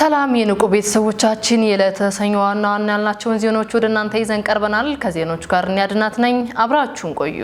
ሰላም የንቁ ቤተሰቦቻችን የዕለተ ሰኞ ዋና ዋና ያልናቸውን ዜናዎች ወደ እናንተ ይዘን ቀርበናል። ከዜናዎቹ ጋር እኒያድናት ነኝ። አብራችሁን ቆዩ።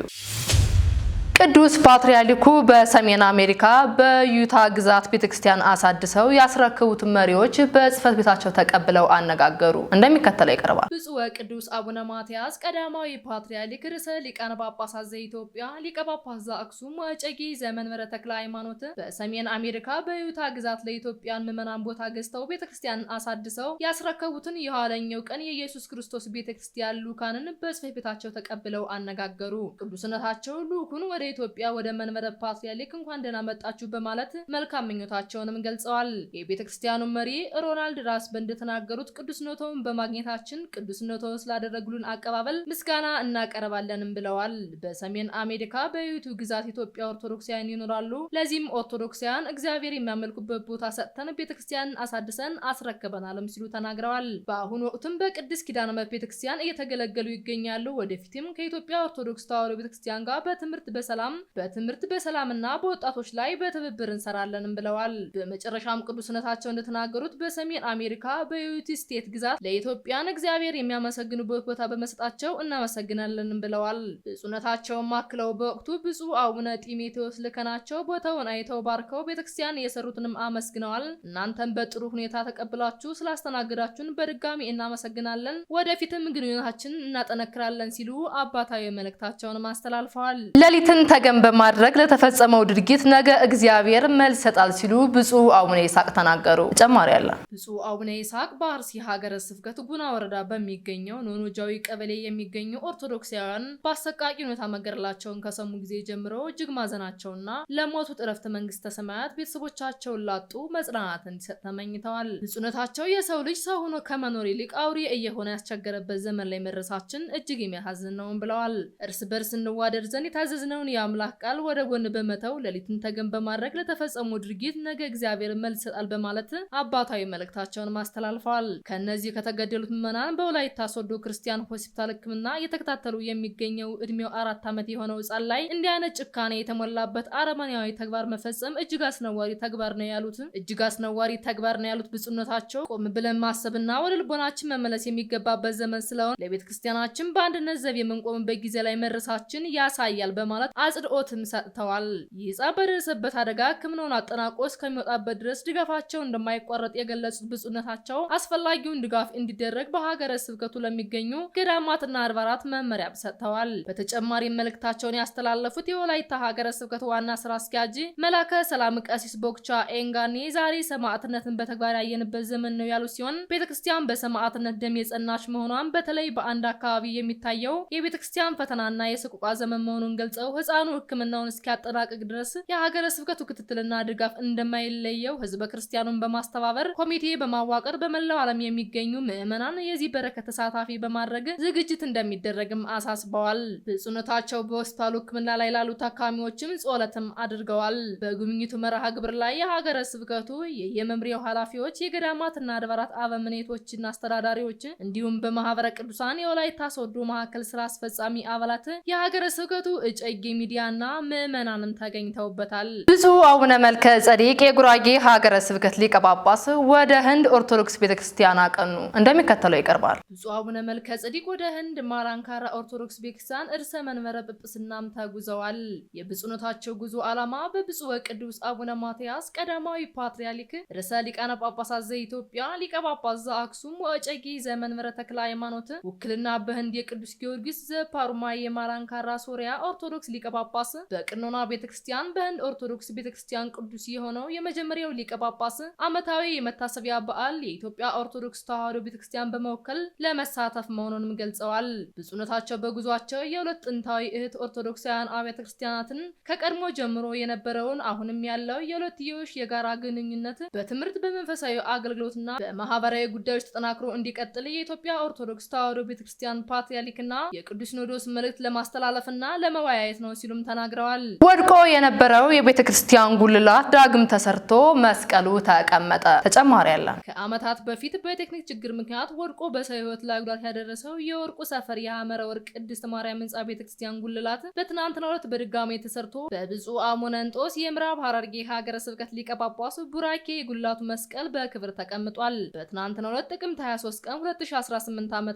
ቅዱስ ፓትርያርኩ በሰሜን አሜሪካ በዩታ ግዛት ቤተክርስቲያን አሳድሰው ያስረክቡት መሪዎች በጽህፈት ቤታቸው ተቀብለው አነጋገሩ። እንደሚከተለው ይቀርባል። ብፁዕ ወቅዱስ አቡነ ማትያስ ቀዳማዊ ፓትርያርክ ርዕሰ ሊቃነ ጳጳሳት ዘኢትዮጵያ ሊቀ ጳጳስ ዘአክሱም ወዕጨጌ ዘመንበረ ተክለ ሃይማኖት በሰሜን አሜሪካ በዩታ ግዛት ለኢትዮጵያን ምዕመናን ቦታ ገዝተው ቤተክርስቲያን አሳድሰው ያስረከቡትን የኋለኛው ቀን የኢየሱስ ክርስቶስ ቤተክርስቲያን ሉካንን በጽህፈት ቤታቸው ተቀብለው አነጋገሩ። ቅዱስነታቸው ሉኩን ወደ ኢትዮጵያ ወደ መንበረ ፓትርያርክ እንኳን ደህና መጣችሁ በማለት መልካም ምኞታቸውንም ገልጸዋል። የቤተ ክርስቲያኑ መሪ ሮናልድ ራስበን እንደተናገሩት ቅዱስነቶውን በማግኘታችን ቅዱስነቶውን ስላደረጉልን አቀባበል ምስጋና እናቀርባለንም ብለዋል። በሰሜን አሜሪካ በዩቱ ግዛት ኢትዮጵያ ኦርቶዶክሳውያን ይኖራሉ። ለዚህም ኦርቶዶክሳውያን እግዚአብሔር የሚያመልኩበት ቦታ ሰጥተን ቤተክርስቲያንን አሳድሰን አስረክበናልም ሲሉ ተናግረዋል። በአሁኑ ወቅትም በቅድስት ኪዳነ ምሕረት ቤተክርስቲያን እየተገለገሉ ይገኛሉ። ወደፊትም ከኢትዮጵያ ኦርቶዶክስ ተዋሕዶ ቤተክርስቲያን ጋር በትምህርት በሰ ሰላም በትምህርት በሰላምና በወጣቶች ላይ በትብብር እንሰራለንም ብለዋል። በመጨረሻም ቅዱስነታቸው እንደተናገሩት በሰሜን አሜሪካ በዩቲ ስቴት ግዛት ለኢትዮጵያን እግዚአብሔር የሚያመሰግኑበት ቦታ በመስጣቸው እናመሰግናለንም ብለዋል። ብፁዕነታቸውም አክለው በወቅቱ ብፁዕ አቡነ ጢሞቴዎስ ልከናቸው ቦታውን አይተው ባርከው ቤተክርስቲያን የሰሩትንም አመስግነዋል። እናንተም በጥሩ ሁኔታ ተቀብላችሁ ስላስተናገዳችሁን በድጋሚ እናመሰግናለን። ወደፊትም ግንኙነታችን እናጠነክራለን ሲሉ አባታዊ መልእክታቸውን አስተላልፈዋል። ሌሊትን ተገን በማድረግ ለተፈጸመው ድርጊት ነገ እግዚአብሔር መልስ ይሰጣል ሲሉ ብፁዕ አቡነ ይስሐቅ ተናገሩ። ተጨማሪ አለ። ብፁዕ አቡነ ይስሐቅ በአርሲ ሀገረ ስብከት ጉና ወረዳ በሚገኘው ኖኖጃዊ ቀበሌ የሚገኙ ኦርቶዶክሳውያን በአሰቃቂ ሁኔታ መገደላቸውን ከሰሙ ጊዜ ጀምሮ እጅግ ማዘናቸውና ለሞቱት እረፍተ መንግስተ ሰማያት ቤተሰቦቻቸውን ላጡ መጽናናት እንዲሰጥ ተመኝተዋል። ብፁዕነታቸው የሰው ልጅ ሰው ሆኖ ከመኖር ይልቅ አውሬ እየሆነ ያስቸገረበት ዘመን ላይ መድረሳችን እጅግ የሚያሳዝን ነውን ብለዋል። እርስ በርስ እንዋደድ ዘንድ የታዘዝነውን የአምላክ ቃል ወደ ጎን በመተው ሌሊትን ተገን በማድረግ ለተፈጸሙ ድርጊት ነገ እግዚአብሔር መልስ ይሰጣል በማለት አባታዊ መልእክታቸውን ማስተላልፈዋል። ከእነዚህ ከተገደሉት ምዕመናን በወላይታ ሶዶ ክርስቲያን ሆስፒታል ሕክምና እየተከታተሉ የሚገኘው እድሜው አራት ዓመት የሆነው ሕፃን ላይ እንዲህ አይነት ጭካኔ የተሞላበት አረመኔያዊ ተግባር መፈጸም እጅግ አስነዋሪ ተግባር ነው ያሉት እጅግ አስነዋሪ ተግባር ነው ያሉት ብፁዕነታቸው ቆም ብለን ማሰብና ወደ ልቦናችን መመለስ የሚገባበት ዘመን ስለሆነ ለቤተ ክርስቲያናችን በአንድነት ዘብ የምንቆምበት ጊዜ ላይ መድረሳችን ያሳያል በማለት አጽድኦትም ሰጥተዋል። ይህ ሕፃን በደረሰበት አደጋ ሕክምናውን አጠናቆ እስከሚወጣበት ድረስ ድጋፋቸው እንደማይቋረጥ የገለጹት ብፁዕነታቸው አስፈላጊውን ድጋፍ እንዲደረግ በሀገረ ስብከቱ ለሚገኙ ገዳማትና አድባራት መመሪያ ሰጥተዋል። በተጨማሪ መልእክታቸውን ያስተላለፉት የወላይታ ሀገረ ስብከት ዋና ስራ አስኪያጅ መላከ ሰላም ቀሲስ ቦክቻ ኤንጋኔ ዛሬ ሰማዕትነትን በተግባር ያየንበት ዘመን ነው ያሉ ሲሆን ቤተክርስቲያን በሰማዕትነት ደም የጸናች መሆኗን በተለይ በአንድ አካባቢ የሚታየው የቤተክርስቲያን ፈተናና የስቁቋ ዘመን መሆኑን ገልጸው ህፃኑ ህክምናውን እስኪያጠናቅቅ ድረስ የሀገረ ስብከቱ ክትትልና ድጋፍ እንደማይለየው ህዝበ ክርስቲያኑን በማስተባበር ኮሚቴ በማዋቀር በመላው ዓለም የሚገኙ ምዕመናን የዚህ በረከት ተሳታፊ በማድረግ ዝግጅት እንደሚደረግም አሳስበዋል። ብፁዕነታቸው በሆስፒታሉ ህክምና ላይ ላሉ ታካሚዎችም ጸሎትም አድርገዋል። በጉብኝቱ መርሃ ግብር ላይ የሀገረ ስብከቱ የየመምሪያው ኃላፊዎች፣ የገዳማትና አድባራት አበምኔቶችና አስተዳዳሪዎች እንዲሁም በማህበረ ቅዱሳን የወላይታ ሶዶ ማዕከል ስራ አስፈጻሚ አባላት የሀገረ ስብከቱ እጨጌ ሚዲያና ምዕመናንም ተገኝተውበታል። ብፁዕ አቡነ መልከ ጸዲቅ የጉራጌ ሀገረ ስብከት ሊቀ ጳጳስ ወደ ህንድ ኦርቶዶክስ ቤተክርስቲያን አቀኑ። እንደሚከተለው ይቀርባል። ብፁዕ አቡነ መልከ ጸዲቅ ወደ ህንድ ማራንካራ ኦርቶዶክስ ቤተክርስቲያን እርሰ መንበረ ጵጵስናም ተጉዘዋል። የብፁዕነታቸው ጉዞ ዓላማ በብፁዕ ወቅዱስ አቡነ ማትያስ ቀዳማዊ ፓትርያርክ ርዕሰ ሊቃነ ጳጳሳት ዘኢትዮጵያ ሊቀ ጳጳስ ዘአክሱም ወእጨጌ ዘመንበረ ተክለ ሃይማኖት ውክልና በህንድ የቅዱስ ጊዮርጊስ ዘፓሩማ የማራንካራ ሶሪያ ኦርቶዶክስ ሊቀ ሊቀ ጳጳስ በቅኖና ቤተክርስቲያን በህንድ ኦርቶዶክስ ቤተክርስቲያን ቅዱስ የሆነው የመጀመሪያው ሊቀ ጳጳስ ዓመታዊ የመታሰቢያ በዓል የኢትዮጵያ ኦርቶዶክስ ተዋሕዶ ቤተክርስቲያን በመወከል ለመሳተፍ መሆኑንም ገልጸዋል። ብፁዕነታቸው በጉዟቸው የሁለት ጥንታዊ እህት ኦርቶዶክሳውያን አብያተ ክርስቲያናትን ከቀድሞ ጀምሮ የነበረውን አሁንም ያለው የሁለትዮሽ የጋራ ግንኙነት በትምህርት በመንፈሳዊ አገልግሎትና በማህበራዊ ጉዳዮች ተጠናክሮ እንዲቀጥል የኢትዮጵያ ኦርቶዶክስ ተዋሕዶ ቤተክርስቲያን ፓትርያርክና የቅዱስ ሲኖዶስ መልእክት ለማስተላለፍና ለመወያየት ነው ሲሉም ተናግረዋል። ወድቆ የነበረው የቤተ ክርስቲያን ጉልላት ዳግም ተሰርቶ መስቀሉ ተቀመጠ። ተጨማሪ ያለ ከዓመታት በፊት በቴክኒክ ችግር ምክንያት ወድቆ በሰው ሕይወት ላይ ጉዳት ያደረሰው የወርቁ ሰፈር የሐመረ ወርቅ ቅድስት ማርያም ሕንጻ ቤተ ክርስቲያን ጉልላት በትናንትናው ዕለት በድጋሜ ተሰርቶ በብፁዕ አቡነ እንጦስ የምዕራብ ሐረርጌ ሀገረ ስብከት ሊቀ ጳጳሱ ቡራኬ የጉልላቱ መስቀል በክብር ተቀምጧል። በትናንትናው ዕለት ጥቅምት 23 ቀን 2018 ዓ.ም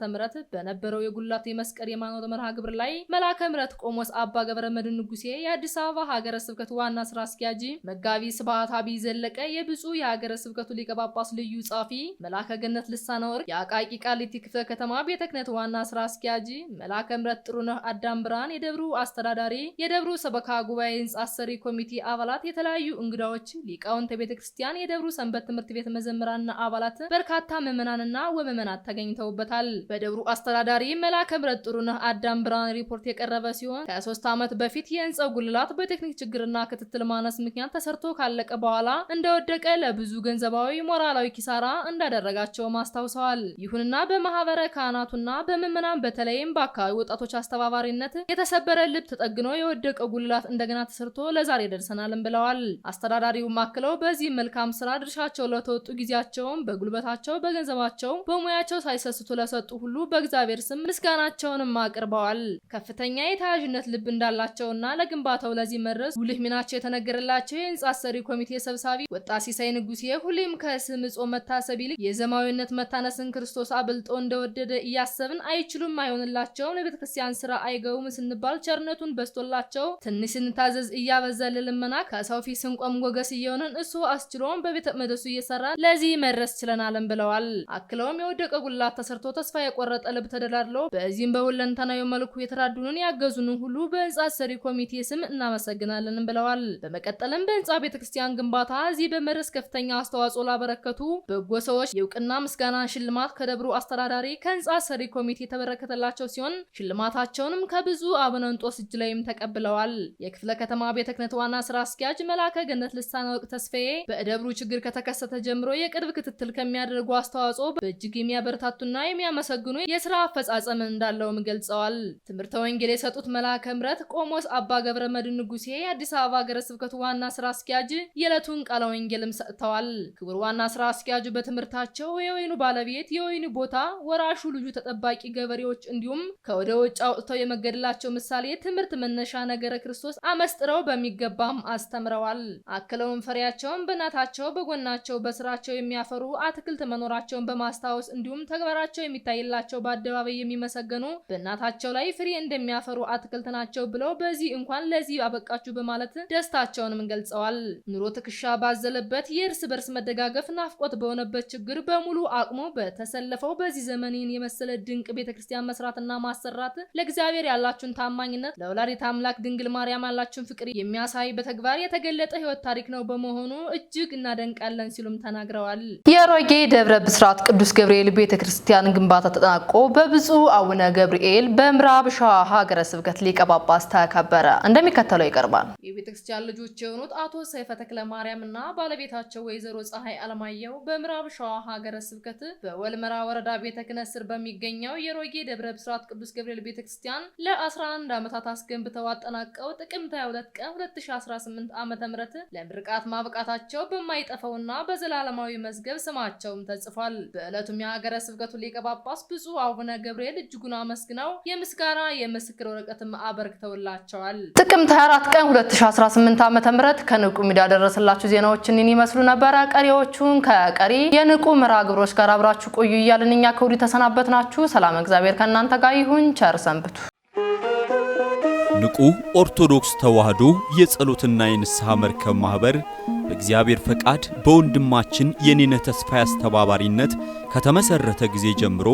በነበረው የጉልላቱ የመስቀል የማኖር መርሃ ግብር ላይ መላከ ምሕረት ቆሞስ አባ ገብረ መድህን ንጉሴ፣ የአዲስ አበባ ሀገረ ስብከት ዋና ስራ አስኪያጅ፣ መጋቢ ስብሐት አብይ ዘለቀ፣ የብፁዕ የሀገረ ስብከቱ ሊቀ ጳጳስ ልዩ ጻፊ፣ መላከ ገነት ልሳነ ወርቅ፣ የአቃቂ ቃሊቲ ክፍለ ከተማ ቤተ ክህነት ዋና ስራ አስኪያጂ መላከ ምረት ጥሩነህ አዳም ብርሃን፣ የደብሩ አስተዳዳሪ፣ የደብሩ ሰበካ ጉባኤ ህንጻ አሰሪ ኮሚቴ አባላት፣ የተለያዩ እንግዳዎች፣ ሊቃውንተ ቤተ ክርስቲያን፣ የደብሩ ሰንበት ትምህርት ቤት መዘምራንና አባላት፣ በርካታ ምዕመናንና ወምዕመናት ተገኝተውበታል። በደብሩ አስተዳዳሪ መላከ ምረት ጥሩነህ አዳም ብርሃን ሪፖርት የቀረበ ሲሆን ከሶስት ዓመት በፊት የህንፃው ጉልላት በቴክኒክ ችግርና ክትትል ማነስ ምክንያት ተሰርቶ ካለቀ በኋላ እንደወደቀ ለብዙ ገንዘባዊ፣ ሞራላዊ ኪሳራ እንዳደረጋቸውም አስታውሰዋል። ይሁንና በማህበረ ካህናቱና በምዕመናን በተለይም በአካባቢ ወጣቶች አስተባባሪነት የተሰበረ ልብ ተጠግኖ የወደቀው ጉልላት እንደገና ተሰርቶ ለዛሬ ደርሰናልም ብለዋል። አስተዳዳሪውም አክለው በዚህ መልካም ስራ ድርሻቸው ለተወጡ ጊዜያቸውን በጉልበታቸው፣ በገንዘባቸው፣ በሙያቸው ሳይሰስቱ ለሰጡ ሁሉ በእግዚአብሔር ስም ምስጋናቸውንም አቅርበዋል። ከፍተኛ የተያያዥነት ልብ እንዳላቸው መፍጠራቸውና ለግንባታው ለዚህ መድረስ ጉልህ ሚናቸው የተነገረላቸው የህንጻ አሰሪ ኮሚቴ ሰብሳቢ ወጣት ሲሳይ ንጉሴ ሁሌም ከስም ጾም መታሰብ ይልቅ የዘማዊነት መታነስን ክርስቶስ አብልጦ እንደወደደ እያሰብን አይችሉም፣ አይሆንላቸውም፣ ክርስቲያን ስራ አይገቡም ስንባል ቸርነቱን በስቶላቸው ትንሽ ስንታዘዝ እያበዛ ልመና ከሰው ፊት ስንቆም ጎገስ እየሆንን እሱ አስችሎም በቤተ መደሱ እየሰራ ለዚህ መድረስ ችለናለን ብለዋል። አክለውም የወደቀ ጉላት ተሰርቶ ተስፋ የቆረጠ ልብ ተደላድለው በዚህም በሁለንተናዊ መልኩ የተራዱንን ያገዙንን ሁሉ በህንጻ አሰሪ ኮሚቴ ስም እናመሰግናለንም ብለዋል። በመቀጠልም በህንፃ ቤተክርስቲያን ግንባታ እዚህ በመድረስ ከፍተኛ አስተዋጽኦ ላበረከቱ በጎ ሰዎች የእውቅና ምስጋና ሽልማት ከደብሩ አስተዳዳሪ ከህንፃ አሰሪ ኮሚቴ የተበረከተላቸው ሲሆን ሽልማታቸውንም ከብዙ አቡነንጦስ እጅ ላይም ተቀብለዋል። የክፍለ ከተማ ቤተ ክህነት ዋና ስራ አስኪያጅ መላከ ገነት ልሳነ ወርቅ ተስፋዬ በደብሩ ችግር ከተከሰተ ጀምሮ የቅርብ ክትትል ከሚያደርጉ አስተዋጽኦ በእጅግ የሚያበረታቱና የሚያመሰግኑ የስራ አፈጻጸም እንዳለውም ገልጸዋል። ትምህርተ ወንጌል የሰጡት መላከ ምረት ቆሞ ቆሞስ አባ ገብረ መድን ንጉሴ የአዲስ አበባ ሀገረ ስብከቱ ዋና ስራ አስኪያጅ የዕለቱን ቃለ ወንጌልም ሰጥተዋል። ክቡር ዋና ስራ አስኪያጁ በትምህርታቸው የወይኑ ባለቤት፣ የወይኑ ቦታ፣ ወራሹ ልዩ ተጠባቂ ገበሬዎች እንዲሁም ከወደ ውጭ አውጥተው የመገደላቸው ምሳሌ ትምህርት መነሻ ነገረ ክርስቶስ አመስጥረው በሚገባም አስተምረዋል። አክለውን ፍሬያቸውን በእናታቸው በጎናቸው በስራቸው የሚያፈሩ አትክልት መኖራቸውን በማስታወስ እንዲሁም ተግባራቸው የሚታይላቸው በአደባባይ የሚመሰገኑ በእናታቸው ላይ ፍሬ እንደሚያፈሩ አትክልት ናቸው ብለው ተከትለው በዚህ እንኳን ለዚህ አበቃችሁ በማለት ደስታቸውንም ገልጸዋል። ኑሮ ትከሻ ባዘለበት የእርስ በርስ መደጋገፍ ናፍቆት በሆነበት ችግር በሙሉ አቅሞ በተሰለፈው በዚህ ዘመንን የመሰለ ድንቅ ቤተ ክርስቲያን መስራትና ማሰራት ለእግዚአብሔር ያላችሁን ታማኝነት፣ ለወላዲተ አምላክ ድንግል ማርያም ያላችሁን ፍቅር የሚያሳይ በተግባር የተገለጠ ህይወት ታሪክ ነው በመሆኑ እጅግ እናደንቃለን ሲሉም ተናግረዋል። የሮጌ ደብረ ብስራት ቅዱስ ገብርኤል ቤተ ክርስቲያን ግንባታ ተጠናቆ በብፁዕ አቡነ ገብርኤል በምዕራብ ሸዋ ሀገረ ስብከት ሊቀ ጳጳስ ከበረ እንደሚከተለው ይቀርባል። የቤተክርስቲያን ልጆች የሆኑት አቶ ሰይፈ ተክለ ማርያም እና ባለቤታቸው ወይዘሮ ፀሐይ አለማየሁ በምዕራብ ሸዋ ሀገረ ስብከት በወልመራ ወረዳ ቤተ ክህነት ስር በሚገኘው የሮጌ ደብረ ብስራት ቅዱስ ገብርኤል ቤተክርስቲያን ለ11 ዓመታት አስገንብተው አጠናቀው ጥቅምት 22 ቀን 2018 ዓ ም ለምርቃት ማብቃታቸው በማይጠፋውና በዘላለማዊ መዝገብ ስማቸውም ተጽፏል። በዕለቱም የሀገረ ስብከቱ ሊቀ ጳጳስ ብፁዕ አቡነ ገብርኤል እጅጉን አመስግነው የምስጋና የምስክር ወረቀትም አበርክተውላል ይደርስላቸዋል። ጥቅምት 24 ቀን 2018 ዓ.ም ከንቁ ሚዲያ ደረሰላችሁ ዜናዎችን እኔን ይመስሉ ነበረ። ቀሪዎቹን ከቀሪ የንቁ ምራ ግብሮች ጋር አብራችሁ ቆዩ እያልን እኛ ከወዲሁ ተሰናበት ናችሁ። ሰላም እግዚአብሔር ከእናንተ ጋር ይሁን። ቸር ሰንብቱ። ንቁ ኦርቶዶክስ ተዋህዶ የጸሎትና የንስሐ መርከብ ማኅበር በእግዚአብሔር ፈቃድ በወንድማችን የኔነ ተስፋ አስተባባሪነት ከተመሠረተ ጊዜ ጀምሮ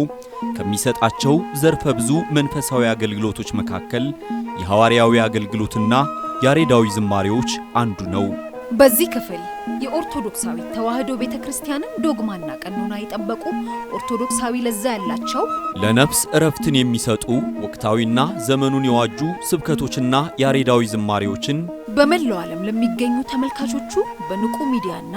ከሚሰጣቸው ዘርፈ ብዙ መንፈሳዊ አገልግሎቶች መካከል የሐዋርያዊ አገልግሎትና ያሬዳዊ ዝማሬዎች አንዱ ነው። በዚህ ክፍል የኦርቶዶክሳዊ ተዋህዶ ቤተ ክርስቲያንን ዶግማና ቀኖና የጠበቁ ኦርቶዶክሳዊ ለዛ ያላቸው ለነፍስ እረፍትን የሚሰጡ ወቅታዊና ዘመኑን የዋጁ ስብከቶችና ያሬዳዊ ዝማሬዎችን በመላው ዓለም ለሚገኙ ተመልካቾቹ በንቁ ሚዲያና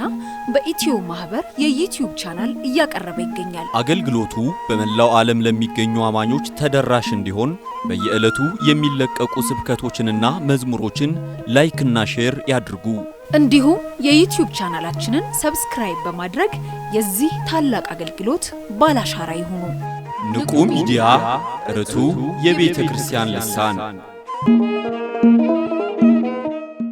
በኢትዮ ማህበር የዩትዩብ ቻናል እያቀረበ ይገኛል። አገልግሎቱ በመላው ዓለም ለሚገኙ አማኞች ተደራሽ እንዲሆን በየዕለቱ የሚለቀቁ ስብከቶችንና መዝሙሮችን ላይክና ሼር ያድርጉ። እንዲሁም የዩትዩብ ቻናላችንን ሰብስክራይብ በማድረግ የዚህ ታላቅ አገልግሎት ባላሻራ ይሁኑ። ንቁ ሚዲያ ርቱ የቤተ ክርስቲያን ልሳን